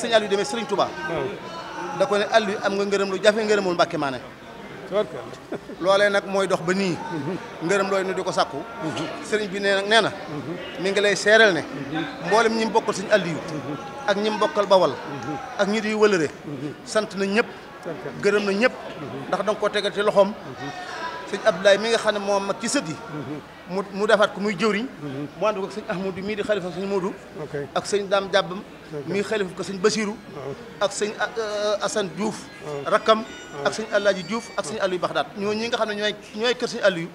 sëñ Aliou demee Serigne Touba. da ko ne Aliou am nga ngërëm lu jafe ngërëmul Mbàkke maa ne. nag mooy dox ba nii. Mhm. ngërëm looy nu di ko sàkku. Mhm. sëriñ bi nee na nee na. Mhm. mi ngi lay seeral ne. mboolem ñi mu bokkal sëñ Aliou. ak ñi mu bokkal Bawal. ak ñi di wëlëre. sant na ñëpp. gërëm na ñëpp. ndax danga koo tegal ci loxoom. sëñ Abdoulaye mi nga xam ne moom mag ci sët yi mu mu defaat ko muy jëwriñ mhm. mu ànd ko ak sëñ Ahmadou mii di xalifa sëñ Modou ak sëñ Dame Jàbbam mii xalifa ko sëñ Basiru ak sëñ euh, Assane Diouf rakkam ak sëñ Alaaji Diouf ak sëñ Aliou Baxdaat ñoo ñi nga xam ne ñooy ñooy kër sëñ Aliou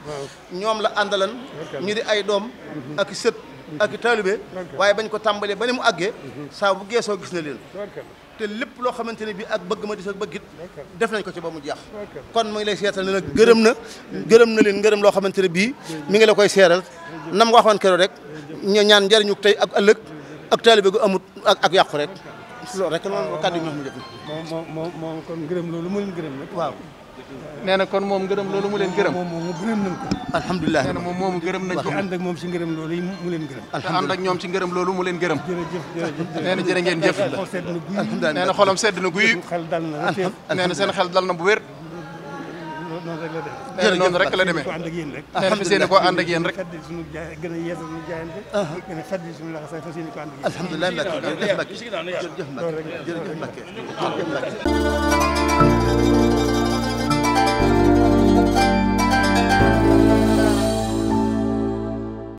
ñoom la àndalan ñu di ay doom mhm. ak sët ak i taalibe waaye bañ ko tàmbalee ba ne mu àggee saa bu geesoo gis na leen te lépp loo xamante ne bii ak bëgg ma di sa bëggit def nañ ko ci ba mu jeex kon mu lay seetal ne nag gërëm na gërëm na leen ngërëm loo xamante ne bii mi ngi la koy seeral nam nga waxoon keroog rek ñu ñaan njariñu tey ak ëllëg ak taalibe gu amut ak ak yàqu rek loolu rek loolu kàddu yi ñu wax mu gërëm loolu mu gërëm waaw nee na kon moom gërëm loolu mu leen gërëm moom moom gërëm nañ ko alhamdulilah nee na moom moomu gërëm nañ ko ànd ak moom si ngërëm loolu mu leen gërëm te ànd ak ñoom si ngërëm loolu mu leen gërëm nee na jërë ngeen jëf nee na xolam sedd na guy nee na seen xel dal na bu wér jërëjëf noonu rek la demee alhamdulilah fas yéene koo ànd ak yéen rek. gën a yeesal suñu jaayante. gën a fàttali suñu laxasaay fas yéene koo ànd ak yéen. alhamdulilah Mbacke jërëjëf Mbacke jërëjëf Mbacke jërëjëf Mbacke